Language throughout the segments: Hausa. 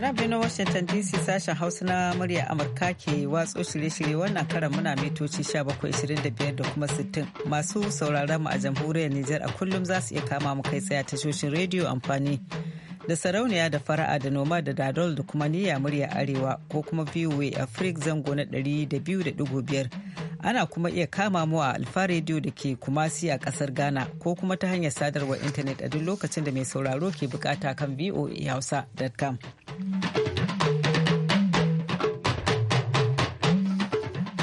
daga nan washington dc sashen hausa na murya amurka ke watso shirye-shirye wannan karan muna mitoci 1725 da kuma 60 masu sauraron mu a jamhuriyar nijar a kullum za su iya kama mu kai tsaye tashoshin rediyo amfani da sarauniya da fara'a da noma da dadol da kuma niyya murya arewa ko kuma voa Africa zango na 200.5 ana kuma iya kama mu a alfa rediyo da ke kumasi a kasar ghana ko kuma ta hanyar sadarwar intanet a duk lokacin da mai sauraro ke bukata kan voa hausa.com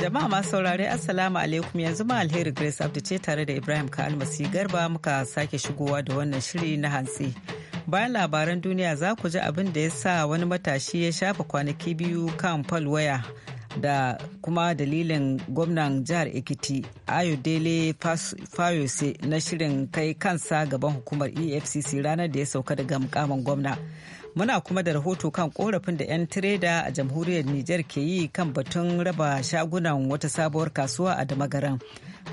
jama'a masu saurare assalamu alaikum yanzu ma alheri grace abdu ce tare da ibrahim kalmasi garba muka sake shigowa da wannan shiri na hantsi bayan labaran duniya za ku ji abin da ya sa wani matashi ya shafa kwanaki biyu kan falwaya da kuma dalilin gwamnan jihar ekiti ayodele fayose na shirin kai kansa gaban hukumar efcc ranar da ya sauka daga mukamin gwamna Muna kuma da rahoto kan korafin da 'yan tireda a jamhuriyar Nijar ke yi kan batun raba shagunan wata sabuwar kasuwa a Damagaran.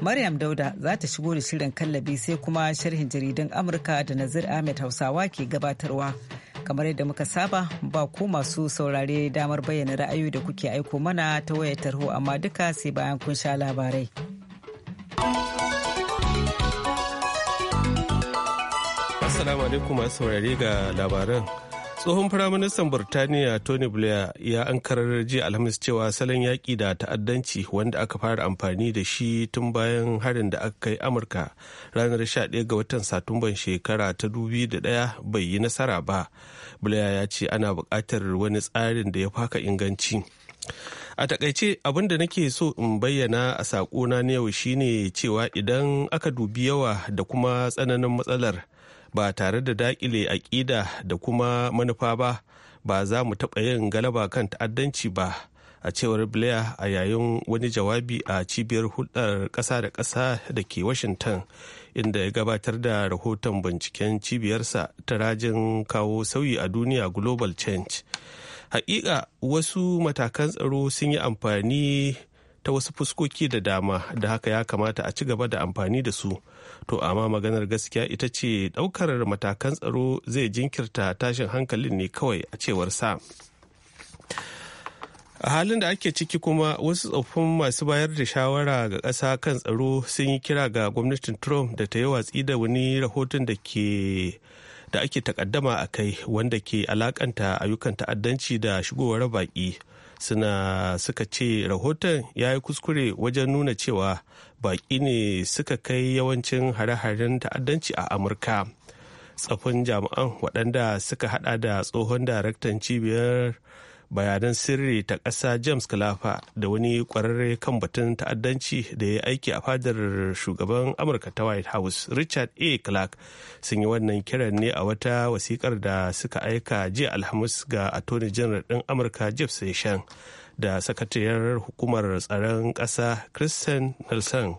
Maryam Dauda za ta shigo da shirin kallabi sai kuma sharhin jaridun Amurka da Nazir Ahmed Hausawa ke gabatarwa. Kamar yadda muka saba ba ku masu saurare damar bayyana ra'ayoyi da kuke aiko mana ta wayar tarho amma duka sai bayan kun sha labarai. Assalamu alaikum masu saurare ga labaran. tsohon firaministan burtaniya tony blair ya ankarar jiya alhamis cewa salon yaƙi da ta'addanci wanda aka fara amfani da shi tun bayan harin da aka kai amurka ranar 11 ga watan satumban shekara ta 2001 bai yi nasara ba blair ya ce ana buƙatar wani tsarin da ya faka inganci a takaice abin da nake so in bayyana a saƙona na yau shine cewa idan aka dubi yawa da kuma tsananin matsalar ba tare da dakile aƙida da kuma manufa ba ba za mu taɓa yin galaba kan ta'addanci ba a cewar blair a yayin wani jawabi a cibiyar hulɗar ƙasa da ƙasa da ke washington inda ya gabatar da rahoton binciken cibiyarsa ta rajin kawo sauyi a duniya global change hakika wasu matakan tsaro sun yi amfani ta wasu fuskoki da dama da haka ya kamata a ci gaba da amfani da su to amma maganar gaskiya ita ce daukar matakan tsaro zai jinkirta tashin hankalin ne kawai a cewar sa a halin da ake ciki kuma wasu tsoffin masu bayar da shawara ga ƙasa kan tsaro sun yi kira ga gwamnatin trump da ta yi watsi da wani rahoton da ke da ake takaddama a kai wanda ke alakanta ayyukan ta'addanci da shigowar baƙi suna suka ce rahoton ya yi kuskure wajen nuna cewa baƙi ne suka kai yawancin hare-haren ta'addanci a amurka tsafin jami'an waɗanda suka hada da tsohon daraktan cibiyar bayanan sirri ta ƙasa james kalafa da wani ƙwararre kan batun ta'addanci da ya aiki a fadar shugaban amurka ta white house richard a clark sun yi wannan kiran ne a wata wasikar da suka aika jiya alhamis ga attorney general din amurka jeff session da sakatariyar hukumar tsaron ƙasa kristen nelson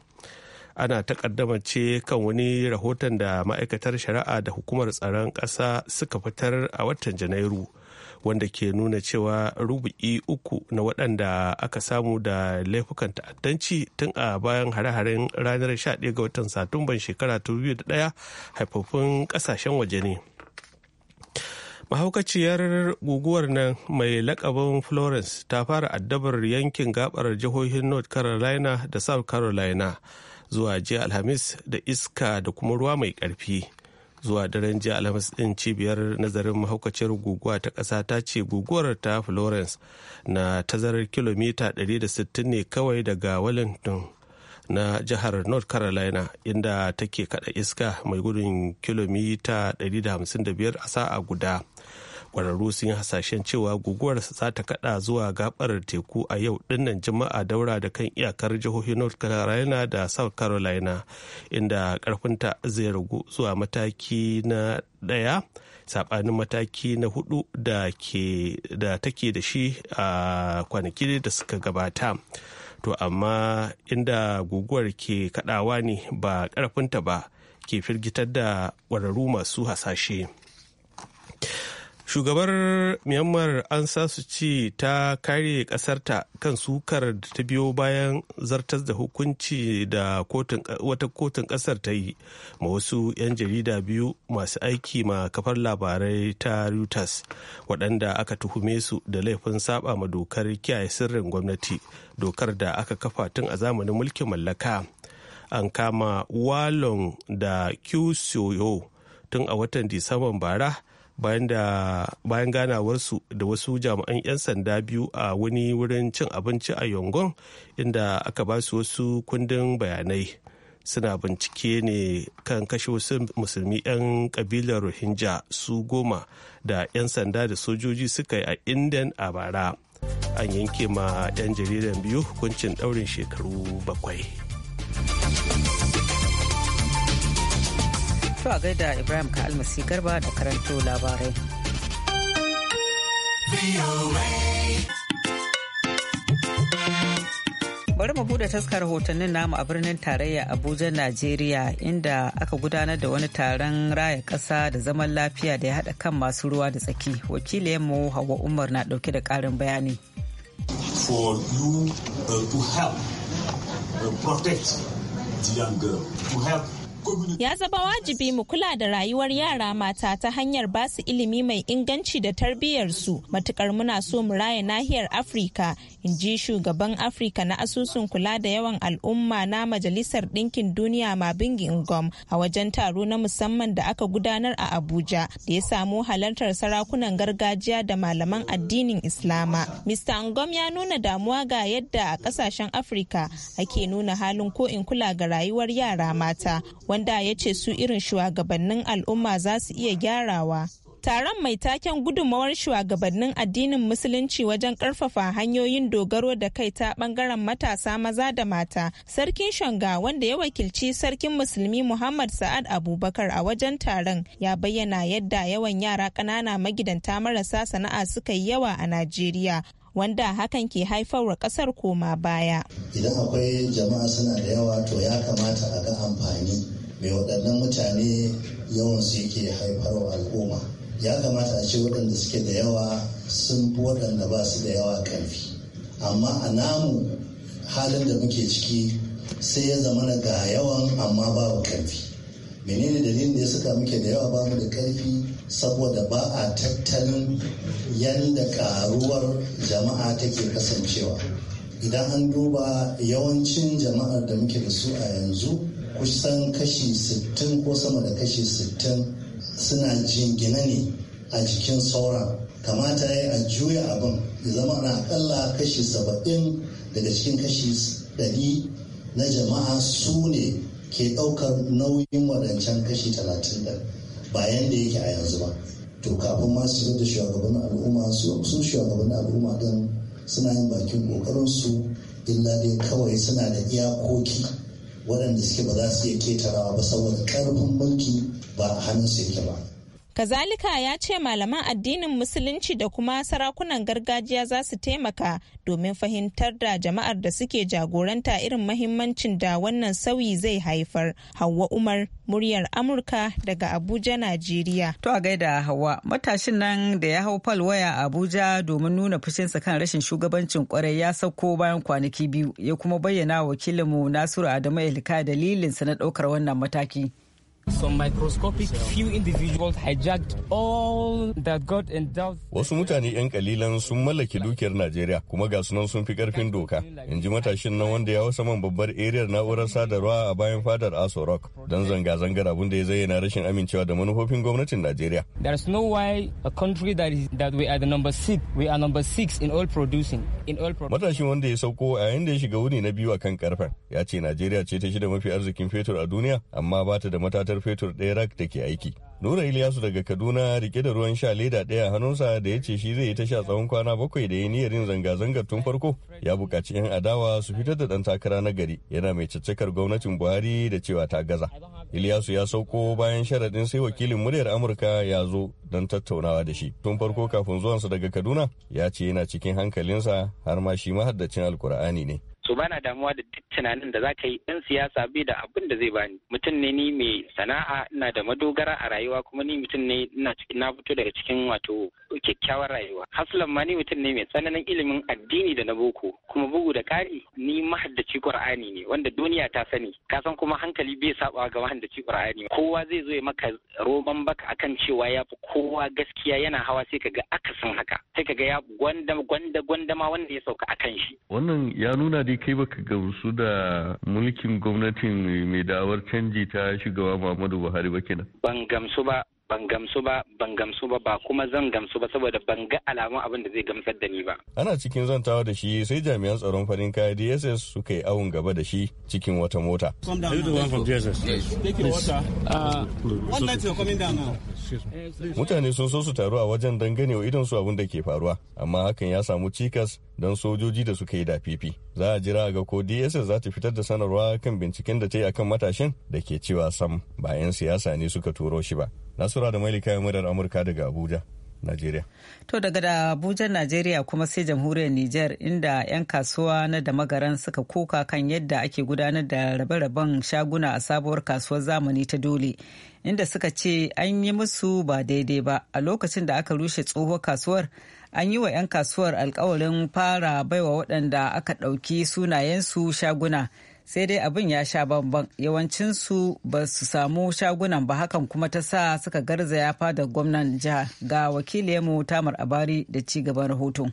ana takaddama ce kan wani rahoton da ma'aikatar shari'a da hukumar tsaron ƙasa suka fitar a watan janairu wanda ke nuna cewa rubu'i uku na waɗanda aka samu da laifukan ta'addanci tun a bayan hare-haren ranar 11 ga watan satumban shekara 2001 haifafun ƙasashen waje ne mahaukaciyar guguwar nan mai lakabin florence ta fara addabar yankin gabar jihohin north carolina da south carolina zuwa jiya alhamis da iska da kuma ruwa mai ƙarfi zuwa daren jiya alhamis din cibiyar nazarin mahaukaciyar guguwa ta ƙasa ta ce guguwar ta florence na tazarar kilomita 160 ne kawai daga wellington na jihar north carolina inda take kada iska mai gudun kilomita 155 a sa'a guda kwararru sun yi hasashen cewa guguwar za ta kada zuwa gabar teku a yau dinnan juma'a daura da kan iyakar jihohi north carolina da south carolina inda karfinta zai ragu zuwa mataki na daya sabanin mataki na hudu da take da shi a kwanaki da suka gabata to amma inda guguwar ke kadawa ne ba karfinta ba ke firgitar da kwararru masu hasashe. shugabar myanmar an sa su ce ta kare kasarta kan sukar da ta biyo bayan zartar da hukunci da wata kotun kasar ta yi ma wasu 'yan jarida biyu masu aiki ma kafar labarai ta reuters waɗanda aka tuhume su da laifin saba ma dokar kiyaye sirrin gwamnati dokar da aka kafa tun a zamanin mulkin mallaka an kama walon da kyusoyo tun a watan disamban bara bayan ganawarsu da wasu jami'an 'yan sanda biyu a wani wurin cin abinci a yongon inda aka ba su wasu kundin bayanai suna bincike ne kan kashe wasu musulmi 'yan kabilar rohingya su goma da 'yan sanda da sojoji suka yi a indian a bara an yanke ma 'yan jaridan biyu hukuncin daurin shekaru bakwai Zuwa a gaida Ibrahim ka almasi garba da karanto labarai. bari mu bude taskar rahotannin namu a birnin tarayya abuja najeriya inda aka gudanar da wani taron raya kasa da zaman lafiya da ya hada kan masu ruwa da tsaki mu hawa umar na dauke da karin bayani uh, to help uh, protect the young girl to help Ya zaba wajibi mu kula da rayuwar yara mata ta hanyar basu ilimi mai inganci da su matukar muna so mu raya nahiyar Afirka in ji shugaban afirka na asusun kula da yawan al'umma na majalisar ɗinkin duniya mabingi ingom a wajen taro na musamman da aka gudanar a abuja da ya samu halartar sarakunan gargajiya da malaman addinin islama mr ingom ya nuna damuwa ga yadda a ƙasashen afirka ake nuna halin ko in kula ga rayuwar yara mata wanda ya ce su irin shugabannin al'umma za su iya gyarawa Taron mai taken gudunmawar shugabannin addinin Musulunci wajen karfafa hanyoyin dogaro da kai ta bangaren matasa maza da mata. Sarkin Shanga wanda ya wakilci Sarkin Musulmi Muhammad Sa'ad Abubakar a wajen taron ya bayyana yadda yawan yara ƙanana magidanta marasa sana'a suka yi yawa a Najeriya. wanda hakan ke haifarwa kasar koma baya. Idan akwai jama'a suna da yawa to ya kamata a ga amfani mai waɗannan mutane yawan su yake haifarwa al'umma. ya kamata a ce waɗanda suke da yawa sun fi waɗanda ba su da yawa ƙarfi amma a namu halin da muke ciki sai ya zama ga yawan amma ba mu ƙarfi menene dalilin da ya saka muke da yawa ba mu da ƙarfi saboda ba a tattalin yadda karuwar jama'a take kasancewa idan an duba yawancin jama'ar da muke da su a yanzu kusan kashi 60 ko sama da kashi 60 suna jingina ne a jikin sauran kamata ya yi a juya abin ya zama na akalla kashi saba'in daga cikin kashi ɗari na jama'a su ne ke ɗaukar nauyin wadancan kashi talatin da bayan da yake a yanzu ba to kafin ma su da shugaban al'umma su shugaban al'umma don suna yin bakin ƙoƙarinsu illa dai kawai suna da iyakoki waɗanda suke ba za su iya ketarawa ba saboda ƙarfin mulki ba hannun su yake ba Kazalika ya ce malaman addinin Musulunci da kuma sarakunan gargajiya za su taimaka domin fahimtar da jama'ar da suke jagoranta irin mahimmancin da wannan sauyi zai haifar. hawa Umar, muryar Amurka daga Abuja, Najeriya. To a gaida hawa matashin nan da ya hau falwaya a Abuja domin nuna fushinsa kan rashin shugabancin kwarai ya sauko bayan kwanaki biyu ya kuma bayyana wakilinmu Nasiru Adamu Elika dalilinsa na ɗaukar wannan mataki. microscopic Wasu mutane 'yan kalilan sun mallaki dukiyar Najeriya kuma ga sunan sun fi karfin doka. In ji matashin nan wanda ya wasa man babbar eriyar na'urar sadarwa a bayan fadar Aso Rock don zanga-zangar abin da ya zayyana rashin amincewa da manufofin gwamnatin Najeriya. There is no why a country that is that we are the number six, we are number six in producing. In producing. Matashin wanda ya sauko a yayin da ya shiga wuni na biyu a kan karfen ya ce Najeriya ce ta shida mafi arzikin fetur a duniya amma ba ta da matata matatar fetur ɗaya rak da ke aiki. Nura Iliyasu daga Kaduna rike da ruwan sha leda ɗaya hannunsa da ya ce shi zai yi ta sha tsawon kwana bakwai da ya niyyar yin zanga-zangar tun farko ya buƙaci 'yan adawa su fitar da ɗan takara na gari yana mai caccakar gwamnatin Buhari da cewa ta gaza. Iliyasu ya sauko bayan sharaɗin sai wakilin muryar Amurka ya zo don tattaunawa da shi. Tun farko kafin zuwansa daga Kaduna ya ce yana cikin hankalinsa har ma shi mahaddacin Alkur'ani ne. so bana damuwa da duk tunanin da zaka yi dan siyasa bai da abin da zai bani mutum ne ni mai sana'a ina da madogara a rayuwa kuma ni mutum ne ina cikin na fito daga cikin wato kyakkyawar rayuwa haslan ma ni mutum ne mai tsananin ilimin addini da na boko kuma bugu da ƙari ni mahaddaci qur'ani ne wanda duniya ta sani ka san kuma hankali bai saba ga mahaddaci qur'ani kowa zai zo ya maka roban baka akan cewa ya fi kowa gaskiya yana hawa sai kaga akasin haka sai kaga ya gwanda gwanda gwanda ma wanda ya sauka akan shi wannan ya nuna kai baka gamsu da mulkin gwamnatin mai dawar canji ta shugaba Muhammadu Buhari ba kenan. Ban gamsu ba ban gamsu ba ban gamsu ba ba kuma zan gamsu ba saboda ban ga alamun abin da zai gamsar da ni ba ana cikin zantawa da shi sai jami'an tsaron farin kaya DSS suka yi awon gaba da shi cikin wata mota uh, mutane sun so su taru a wajen don wa idon su abin da ke faruwa amma hakan ya samu cikas don sojoji da suka yi da fifi za a jira ga ko DSS za ta fitar da sanarwa kan binciken da ta yi akan matashin da ke cewa sam bayan siyasa ne suka turo shi ba Nasura da likayen murar Amurka daga Abuja, Najeriya. To daga Abuja, Najeriya kuma sai jamhuriyar Nijar inda 'yan kasuwa na da suka koka kan yadda ake gudanar da rabe-raben shaguna a sabuwar kasuwar zamani ta dole. Inda suka ce an yi musu ba daidai ba a lokacin da aka rushe tsohuwar kasuwar an yi wa 'yan kasuwar alkawarin fara baiwa waɗanda aka ɗauki sunayensu shaguna. sai dai abin ya sha bamban yawancinsu ba su samu shagunan ba hakan kuma ta sa suka garzaya fadar gwamnan jiha ga wakilinmu tamar abari da ci gaban rahoton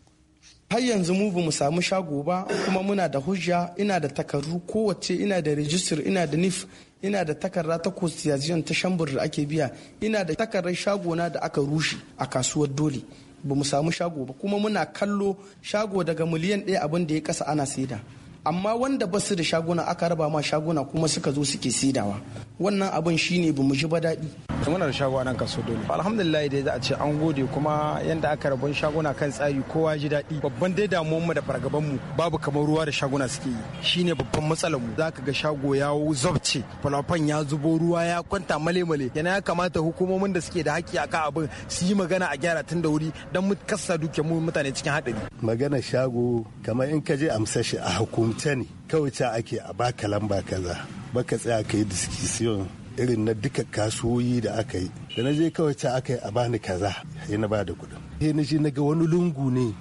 har yanzu mu bamu samu shago ba kuma muna da hujja ina da takardu kowace ina da rijistar ina da nif ina da takarda ta constitution ta shambur da ake biya ina da takardar shagona da aka rushe a kasuwar dole ba mu samu shago ba kuma muna kallo shago daga miliyan ɗaya abin da ya kasa ana saida amma wanda ba su da shaguna aka raba ma shaguna kuma suka zo suke sidawa wannan abin shine bamu ji ba daɗi muna da shago a nan kaso dole alhamdulillah dai za a ce an gode kuma yanda aka rabon shaguna kan tsari kowa ji daɗi babban dai damuwar mu da fargaban mu babu kamar ruwa da shaguna suke yi shine babban matsalar mu zaka ga shago ya zobce falafan ya zubo ruwa ya kwanta male male yana ya kamata hukumomin da suke da haƙƙi akan abin su yi magana a gyara tun da wuri dan mu kasa duke mu mutane cikin haɗari magana shago kamar in ka je amsa shi a hukum rubuce ne kawai ca ake a baka lamba kaza baka tsaya ka yi diskisiyon irin na duka kasuwoyi da aka yi da na je kawai ca aka yi a bani kaza ya na ba da kuɗin sai na je na ga wani lungu ne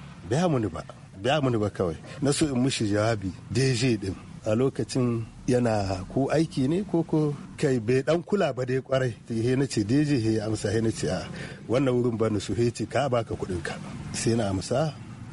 mu ni ba mu ni ba kawai na so in mushi jawabi deje din a lokacin yana ko aiki ne ko ko kai bai dan kula ba dai kwarai he na ce deje he amsa ya na ce a wannan wurin ba ni su he ce ka baka kudin ka sai na amsa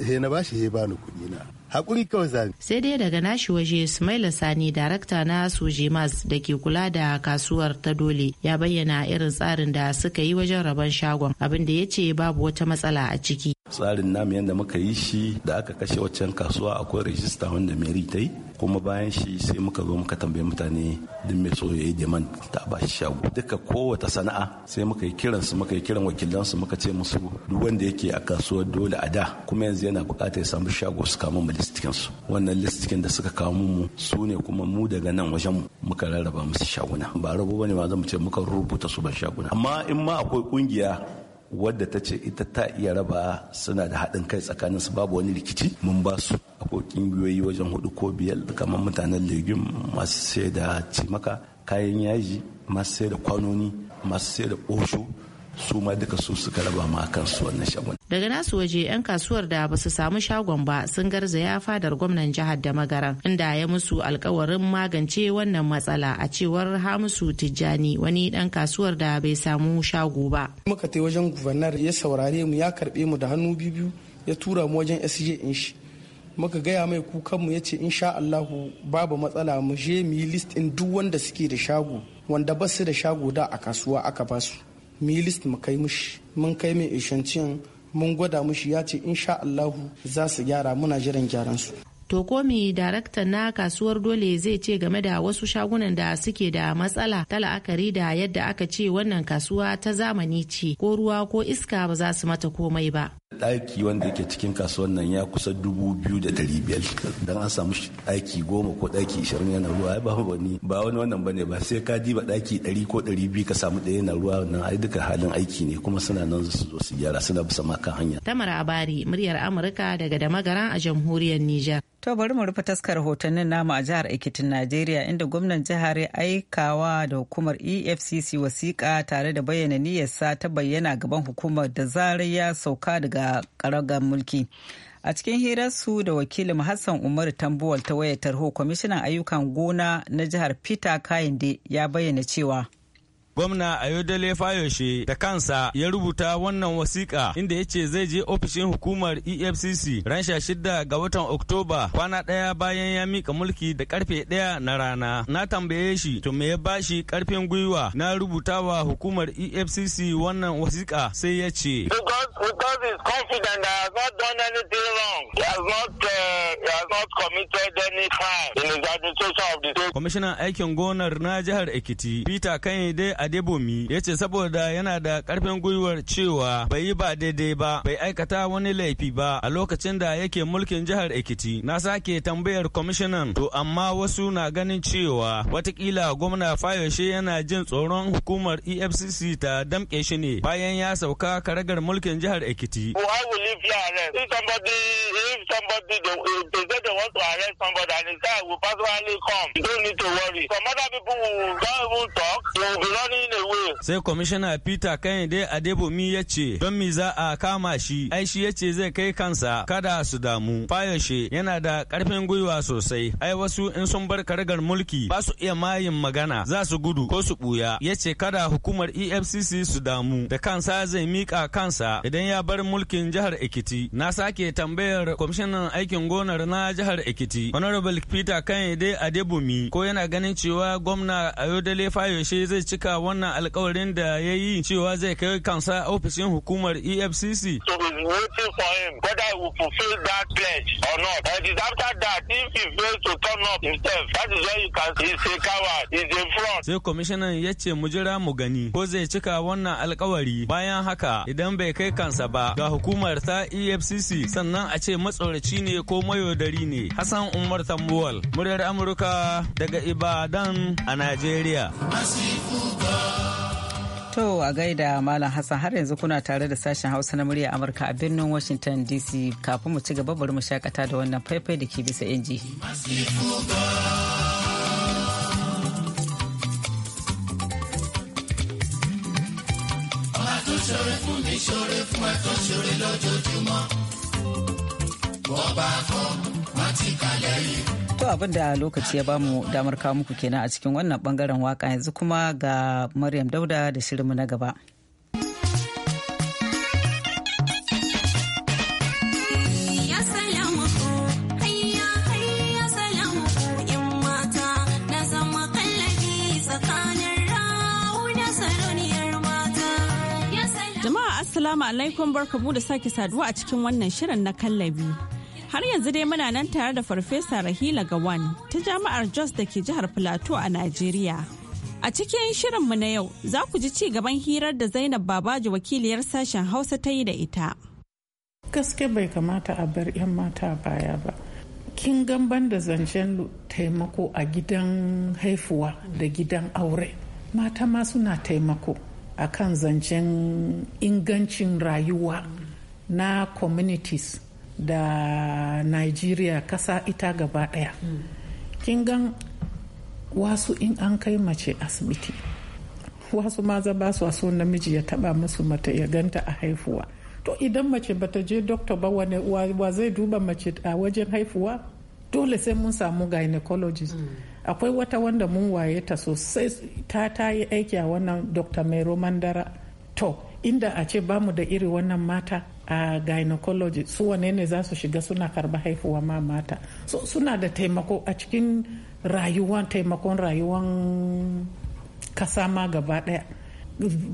he na bashi he bani kuɗi na hakuri kawai zan. Sai dai daga nashi waje Ismaila Sani darakta na Sujimas da ke kula da kasuwar ta dole ya bayyana irin tsarin da suka yi wajen rabon shagon abin da ya ce babu wata matsala a ciki. Tsarin namu yadda muka yi shi da aka kashe waccan kasuwa akwai rajista wanda Mary ta yi kuma bayan shi sai muka zo muka tambayi mutane duk mai so ya yi jaman ta ba shi shago. Duka kowace sana'a sai muka yi kiransu muka yi kiran wakilansu muka ce musu duk wanda yake a kasuwar dole a da kuma yanzu yana bukatar ya samu shago su kama mu listikin su wannan listikin da suka kawo mu su ne kuma mu daga nan wajen muka rarraba musu shaguna ba rabo bane ma zamu ce muka rubuta su ban shaguna amma in ma akwai kungiya wadda ta ce ita ta iya raba suna da haɗin kai tsakanin su babu wani rikici mun ba su akwai kungiyoyi wajen hudu ko biyar kamar mutanen legume masu sai da cimaka kayan yaji masu sai da kwanoni masu sai da ƙosho su ma duka su suka raba ma kansu wannan shagon. Daga nasu waje 'yan kasuwar da ba su samu shagon ba sun garza ya fadar gwamnan jihar da magaran inda ya musu alkawarin magance wannan matsala a cewar Hamisu Tijjani wani dan kasuwar da bai samu shago ba. Muka tai wajen guvernar ya saurare mu ya karbe mu da hannu biyu ya tura mu wajen SJ in shi. Muka gaya mai kukan mu ya yace insha Allahu babu matsala mu je mu yi list din duk wanda suke da shago wanda ba su da shago da a kasuwa aka basu. mu yi list mu kai mushi mun kai mai ishanciyan mun gwada mushi ya ce insha Allahu za su gyara muna jiran gyaran su to ko me darakta na kasuwar dole zai ce game da wasu shagunan da suke da matsala ta la'akari da yadda aka ce wannan kasuwa ta zamani ce ko ruwa ko iska ba za su mata komai ba ɗaki wanda yake cikin kasuwan nan ya kusa dubu biyu da ɗari biyar don an samu ɗaki goma ko ɗaki ishirin yana ruwa ba wani ba wani wannan ba ne ba sai ka diba ɗaki ɗari ko ɗari biyu ka samu ɗaya na ruwa nan ai duka halin aiki ne kuma suna nan su zo su gyara suna bisa ma hanya. Tamar Abari muryar Amurka daga Damagaran a jamhuriyar Nijar. To bari mu rufe taskar hotonnin namu a jihar Ekitin Najeriya inda gwamnan jihar ya aikawa da hukumar EFCC wasiƙa tare da bayyana niyyarsa ta bayyana gaban hukumar da zarar ya sauka daga da karagar mulki a cikin hirarsu da wakilin hassan umaru tambuwal ta wayar tarho kwamishinan ayyukan gona na jihar peter kayinde ya bayyana cewa Gwamna Ayodele Fayoshe da kansa ya rubuta wannan wasiƙa inda ya ce zai je ofishin hukumar EFCC ran shida ga watan Oktoba kwana ɗaya bayan ya mika mulki da karfe ɗaya na rana. Na tambaye shi to me ya bashi karfin gwiwa na rubuta wa hukumar EFCC wannan wasiƙa sai ya ce. He has not, uh, he has not committed kwamishinan aikin gonar na jihar Ekiti Peter Kanyede Adebomi ya ce saboda yana da karfin gwiwar cewa bai yi ba daidai ba bai aikata wani laifi ba a lokacin da yake mulkin jihar Ekiti na sake tambayar kwamishinan to amma wasu na ganin cewa watakila gwamna Fayoshe yana jin tsoron hukumar EFCC ta damke shi ne bayan ya sauka karagar mulkin jihar Ekiti. If somebody, if somebody, they, they, they want to arrest somebody and come. don't need Sai Kwamishina Peter Kanyede Adebomi ya ce, don mi za a kama shi, ai shi ya ce zai kai kansa kada su damu. Fayoshe yana da karfin gwiwa sosai, ai wasu in sun bar karigar mulki ba su iya mayin magana za su gudu ko su buya. Ya ce kada hukumar EFCC su damu, da kansa zai mika kansa idan ya bar mulkin jihar Ekiti. Na sake tambayar kwamishinan aikin gonar na jihar Ekiti, Honorable Peter Kanyede Adebomi ko yana ganin cewa gwamna gwamna Ayodele Fayoshe zai cika wannan alkawarin da ya yi cewa zai kai kansa ofishin hukumar EFCC. for him a Sai kwamishinan ya ce mu jira mu gani ko zai cika wannan alkawari bayan haka idan bai kai kansa ba ga hukumar ta EFCC sannan a ce matsoraci ne ko mayodari ne. Hassan Umar Tambuwal, muryar Amurka daga Ibadan a a Najeriya. To a gaida Malam Hassan har yanzu kuna tare da sashen Hausa na murya Amurka a birnin Washington DC kafin mu ci gaba bari mu shakata da wannan faifai da ke bisa inji. ṣoore fún bá kọ́ ti lẹ́yìn. To abin da lokaci ya bamu damar kawo muku kenan a cikin wannan bangaren waka yanzu kuma ga Maryam Dauda da shirinmu na gaba. Jama'a Assalamu alaikum barkamu da sake saduwa a cikin wannan shirin na kallabi. Har yanzu dai muna nan tare da Farfesa Rahila Gawan ta Jami'ar Jos da ke jihar Plateau a Najeriya. A cikin shirin mu na yau za ku ji ci gaban hirar da Zainab Babaji wakiliyar sashen Hausa ta yi da ita. Gaske bai kamata a bar 'yan mata baya ba. Kin gamban da zancen taimako a gidan haifuwa da gidan aure. Mata ma suna taimako a kan zancen ingancin rayuwa na communities. da nigeria kasa ita gaba daya kin gan wasu in an kai mace asibiti wasu maza ba su so namiji ya taba musu mata ya ganta a haifuwa to idan mace bata je dokta ba wane wa zai duba mace a wajen haifuwa dole sai mun samu gynecologist mm. akwai wata wanda mun waye ta sosai ta ta yi aiki a wannan dr mai mandara to inda a ce bamu da iri wannan mata a gynecology su wane ne za su shiga suna karba haihuwa ma mata so suna da taimako a cikin rayuwan taimakon rayuwan kasa ma gaba daya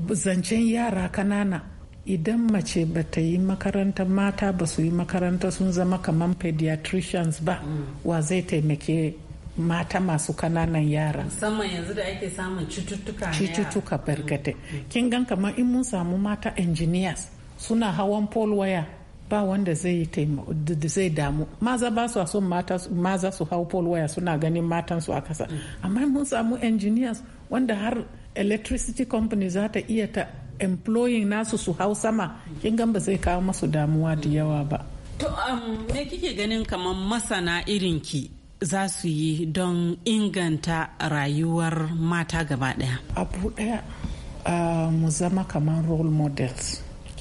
zancen yara kanana idan mace ba ta yi makaranta mata ba su yi makaranta sun zama kamar pediatricians ba mm. wa zai taimake mata masu kananan yara musamman yanzu da ake samun cututtuka cututtuka barkatai mm. kin gan kamar in mun samu mata engineers suna hawan pole waya ba wanda zai damu maza ba su son maza su hau pole waya suna ganin matan su a kasa amma mun samu engineers wanda har electricity company za ta iya ta employing nasu su hau sama kin ba zai kawo masu damuwa da yawa ba to um, me kike ganin kamar masana irin ki za su yi don inganta rayuwar mata gaba daya abu daya ah, mu zama kamar role models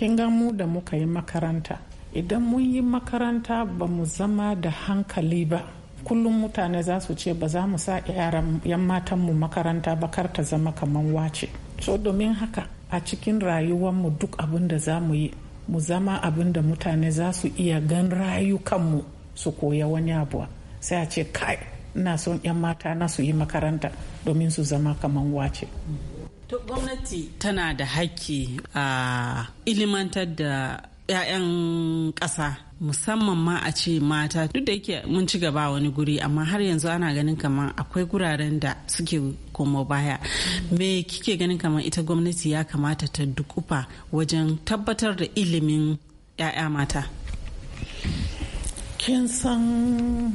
kin ga mu da muka yi makaranta idan mun yi makaranta ba mu zama da hankali ba kullum mutane za su ce ba za mu sa yaran yan matan mu makaranta ba kar ta zama kamar wace so domin haka a cikin mu duk abin da za mu yi mu zama abin da mutane za su iya gan rayukanmu su koya wani abu sai a ce kai ina son 'yan mata na su yi makaranta domin su zama kamar wace to gwamnati tana da haƙƙi a ilimantar da 'ya'yan ƙasa musamman ma a ce mata duk da yake mun ci gaba wani guri amma har yanzu ana ganin kamar akwai guraren da suke komo baya me kike ganin kamar ita gwamnati ya kamata ta dukufa wajen tabbatar da ilimin 'ya'ya mata kin san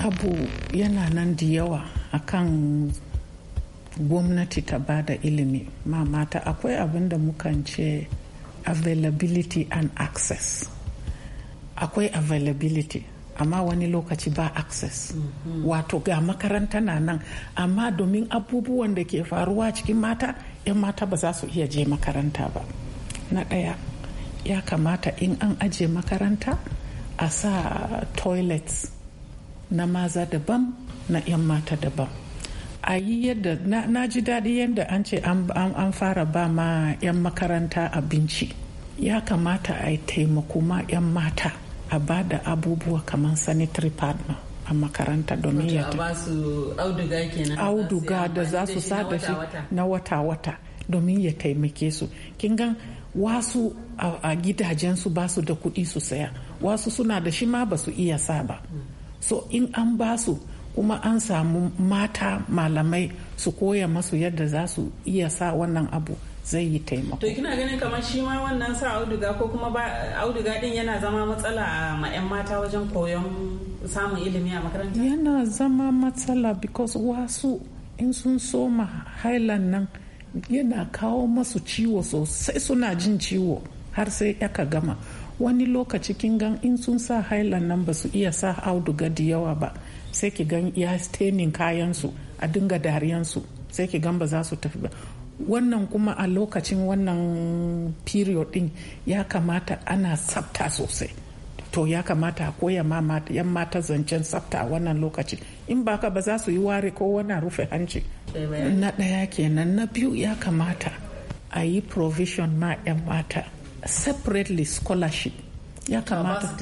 abu yana nan da yawa akan gwamnati ta ba da ilimi ma mata akwai abin da mukan ce availability and access akwai availability amma wani lokaci ba access mm -hmm. wato ga makaranta na nan amma domin abubuwan da ke faruwa cikin mata 'yan mata ba za su iya je makaranta ba na ɗaya ya kamata in an aje makaranta a sa toilets na maza daban na 'yan mata daban a yi yadda na ji daɗi yadda an ce an fara ba ma 'yan makaranta abinci ya kamata a yi taimako ma 'yan mata a ba da abubuwa kamar sanitary partner a makaranta domin ya auduga da za su sada shi na wata-wata domin ya taimake su kin gan wasu a gidajensu ba su da kuɗi su saya wasu suna da shi ma ba su iya sa ba so in an ba su kuma an samu mata malamai su koya masu yadda za su iya sa wannan abu zai yi taimako. To kina ganin kamar shi ma wannan sa auduga ko kuma ba auduga din yana zama matsala ma 'yan mata wajen koyon samun ilimi a makaranta? Yana zama matsala because wasu in sun soma hailan nan yana kawo masu ciwo sosai suna jin ciwo har sai aka gama. Wani lokaci kin gan in sun sa hailan nan ba su iya sa auduga da yawa ba sai ki gan ya stenin kayansu a dinga dariyansu sai ki gan ba za su tafi ba wannan kuma a lokacin wannan period din ya kamata ana sabta sosai to ya kamata a koya ma yan mata zancen sabta a wannan lokaci in baka ba za su yi ware ko wani rufe hanci na ɗaya kenan na biyu ya kamata a yi provision ma yan mata separately scholarship ya kamata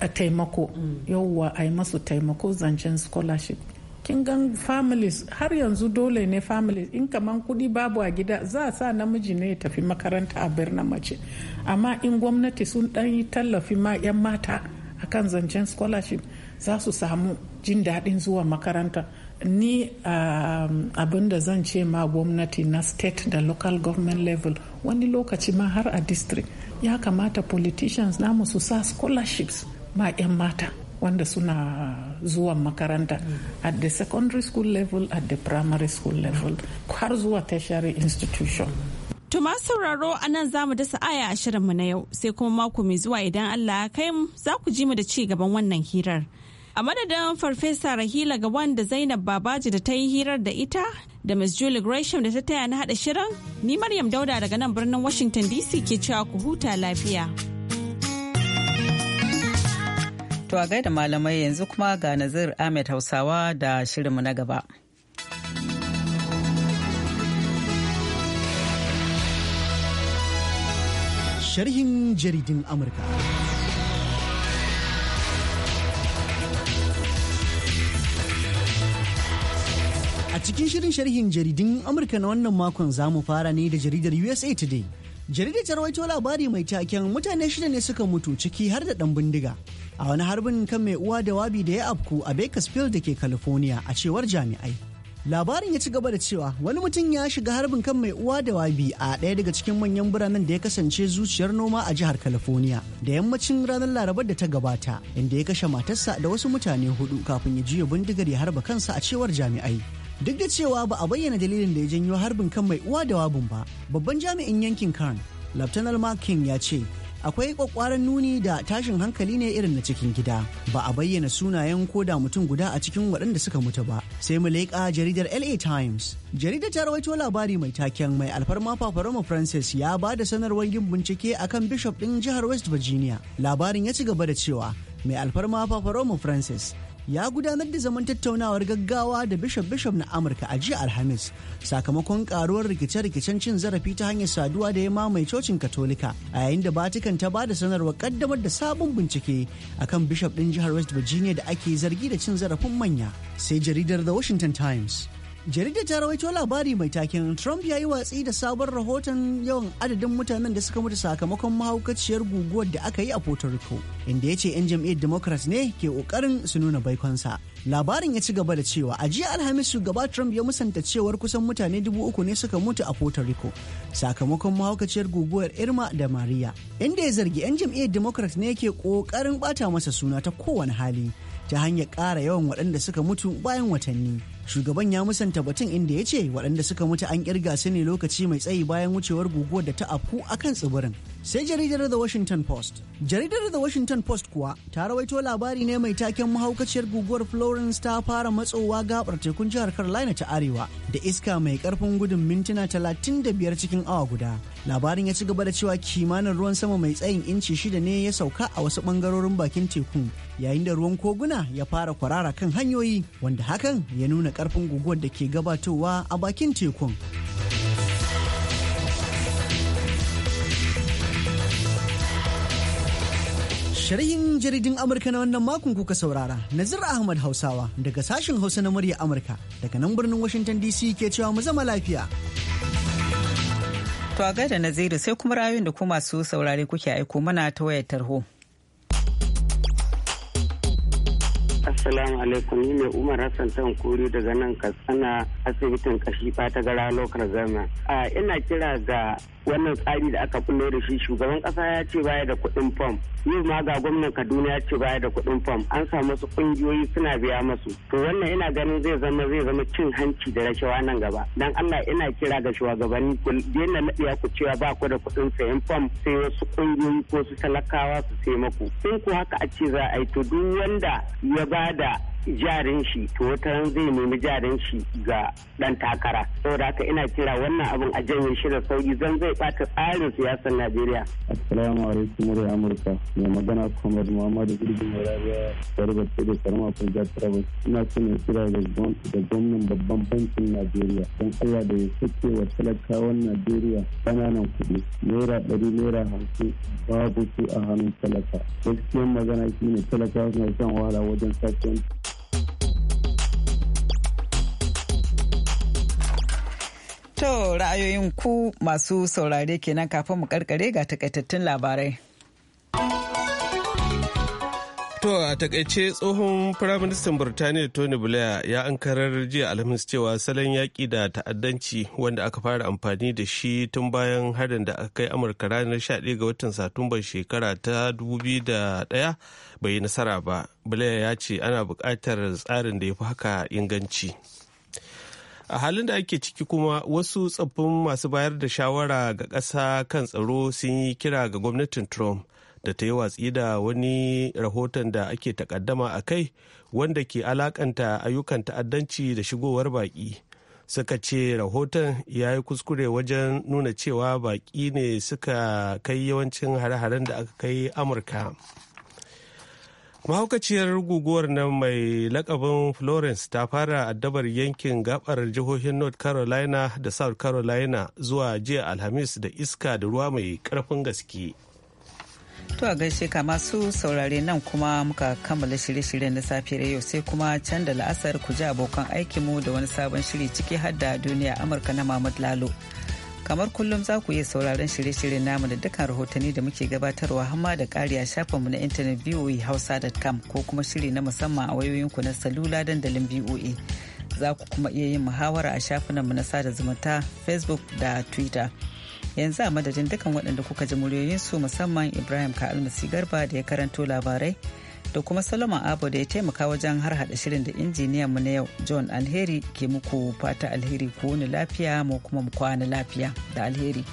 a taimako mm. yauwa a yi masu taimako zancen scholarship kin gan families har yanzu dole ne families in kaman kudi babu a gida za a sa namiji ne ya tafi makaranta a birnin mace amma in gwamnati sun dan yi tallafi ma 'yan mata akan zancen scholarship za su samu jin daɗin zuwa makaranta ni um, abin da zan ce ma gwamnati na state da local government level wani lokaci ma har a district ya kamata politicians namu su sa scholarships ma 'yan mata wanda suna zuwa makaranta at the secondary school level at the primary school level har zuwa tertiary institution Tuma sauraro a nan za mu dasa aya a shirinmu na yau sai kuma mako mai zuwa idan Allah ya kai mu za ku ji mu da ci gaban wannan hirar. A madadin Farfesa Rahila ga wanda Zainab Babaji da ta yi hirar da ita da Miss Julie Gresham da ta taya na haɗa shirin, ni Maryam Dauda daga nan birnin Washington DC ke cewa ku huta lafiya. To a gaida malamai yanzu kuma ga Nazir Ahmed Hausawa da shirinmu na gaba. Sharhin jaridin Amurka. A cikin shirin sharhin jaridun Amurka na wannan makon za mu fara ne da jaridar USA Today. Jaridar ta rawaito labari mai taken mutane shida ne suka mutu ciki har da ɗan bindiga. A wani harbin kan mai uwa da wabi da ya afku a Bakersfield da ke California a cewar jami'ai. Labarin ya ci gaba da cewa wani mutum ya shiga harbin kan mai uwa da wabi a ɗaya daga cikin manyan biranen da ya kasance zuciyar noma a jihar California da yammacin ranar Larabar da ta gabata inda ya kashe matarsa da wasu mutane hudu kafin ya juya bindigar ya harba kansa a cewar jami'ai. duk da cewa ba a bayyana dalilin da ya janyo harbin kan mai uwa da wabin ba babban jami'in yankin kan Mark King ya ce akwai kwakwaran nuni da tashin hankali ne irin na cikin gida ba a bayyana sunayen ko da mutum guda a cikin waɗanda suka mutu ba sai mu leƙa jaridar la times jaridar ta rawaito labari mai taken mai alfarma paparoma francis ya ba da sanarwar yin bincike kan bishop ɗin jihar west virginia labarin ya ci gaba da cewa mai alfarma paparoma francis ya gudanar da zaman tattaunawar gaggawa da bishop bishop na amurka a jiya alhamis sakamakon karuwar rikice-rikicen cin zarafi ta hanyar saduwa da ya mamaye cocin katolika a yayin da batikan ta ba da sanarwar kaddamar da sabon bincike akan bishop din jihar west virginia da ake zargi da cin zarafin manya sai jaridar the washington times jaridar ta rawaito labari mai taken trump ya yi watsi da sabon rahoton yawan adadin mutanen da suka mutu sakamakon mahaukaciyar guguwar da aka yi a puerto rico inda ya ce 'yan jam'iyyar Democrat ne ke kokarin su nuna baikonsa labarin ya ci gaba da cewa a jiya alhamis shugaba trump ya musanta cewar kusan mutane dubu uku ne suka mutu a puerto rico sakamakon mahaukaciyar guguwar irma da maria inda ya zargi 'yan jam'iyyar democrat ne ke kokarin bata masa suna ta kowane hali ta hanyar ƙara yawan waɗanda suka mutu bayan watanni shugaban ya musanta batun inda ya ce waɗanda suka mutu an kirga su ne lokaci mai tsayi bayan wucewar guguwar da ta afku kan tsibirin sai jaridar The Washington Post. Jaridar The Washington Post kuwa ta rawaito labari ne mai taken mahaukaciyar guguwar Florence ta fara matsowa gabar tekun jihar Carolina ta Arewa da iska mai karfin gudun mintuna 35 cikin awa guda. Labarin ya ci gaba da cewa kimanin ruwan sama mai tsayin inci shida ne ya sauka a wasu bangarorin bakin tekun yayin da ruwan koguna ya fara kwarara kan hanyoyi wanda hakan ya nuna karfin guguwar da ke gabatowa a bakin tekun. sharihin jaridin Amurka na wannan makon kuka saurara, Nazir Ahmad Hausawa daga sashen Hausa na murya Amurka daga nan birnin Washington DC ke cewa mu zama lafiya. To a gaida Naziru sai kuma rayuwar da ku masu saurare kuke aiko mana ta wayar tarho. Assalamu alaikum ni ne Umar Hassan Tan Kuri daga nan Katsina asibitin kashi ta gara lokar zama. ina kira ga wannan tsari da aka kulle da shi shugaban kasa ya ce baya da kuɗin fam yau ma ga gwamnan kaduna ya ce baya da kuɗin fam an samu su ƙungiyoyi suna biya masu to wannan ina ganin zai zama zai zama cin hanci da rashawa nan gaba dan allah ina kira ga shugabanni ku daina naɗiya ku cewa ba ku da kuɗin sayan fam sai wasu ƙungiyoyi ko su talakawa su sai maku in ku haka a ce za a yi to duk wanda ya bada da jarin shi to wata zai nemi jarin shi ga dan takara saboda haka ina kira wannan abin a janye shi da sauki zan zai bata tsarin siyasar Najeriya assalamu alaikum murai amurka mai magana comrade muhammadu gurbin rabiya garba ce da karama fulgar travel ina so ne kira da gwamnan babban bankin Najeriya don Allah da ya sake wa talakawan Najeriya kananan kuɗi naira ɗari naira hamsin babu su a hannun talaka gaskiyar magana shine talakawa suna shan wahala wajen sake To ra'ayoyin ku masu saurare kenan kafin mu karkare ga takaitattun labarai. To a takaice tsohon firaministan Burtaniya Tony Blair ya ankarar jiya alhamis cewa salon yaƙi da ta'addanci wanda aka fara amfani da shi tun bayan harin da aka kai Amurka ranar 11 ga watan Satumbar shekara ta 2001 bai yi nasara ba. Blair ya ce ana buƙatar tsarin da ya fi haka inganci. a halin da ake ciki kuma wasu tsoffin masu bayar da shawara ga ƙasa kan tsaro sun yi kira ga gwamnatin trump da ta yi watsi da wani rahoton da ake takaddama a kai wanda ke alakanta ayyukan ta'addanci da shigowar baƙi suka ce rahoton ya yi kuskure wajen nuna cewa baƙi ne suka kai yawancin hare-haren da aka kai amurka. mahaukaciyar guguwar nan mai lakabin florence ta fara addabar yankin gabar jihohin north carolina da south carolina zuwa jiya alhamis da iska da ruwa mai karfin gaske To a gaishe ka masu saurare nan kuma muka kammala shirye-shiryen na safiyar yau sai kuma can da la'asar ku ji abokan aikinmu da wani sabon shiri ciki har da duniya Amurka na Mahmud Lalo. kamar kullum za ku iya sauraron shirye-shiryen namu da dukkan rahotanni da muke gabatarwa hamma da kari a shafinmu na intanet voahausa.com ko kuma shiri na musamman a wayoyinku na salula dandalin voa za ku kuma iya yin muhawara a shafinanmu na sada zumunta facebook da twitter yanzu a madadin dukkan waɗanda kuka ji muryoyinsu musamman ibrahim ka almasi garba da ya karanto labarai da kuma Solomon abu da ya taimaka wajen har hada shirin da injiniyan mu na yau John Alheri ke muku fata alheri ku wani lafiya mu kuma mu kwana lafiya da alheri.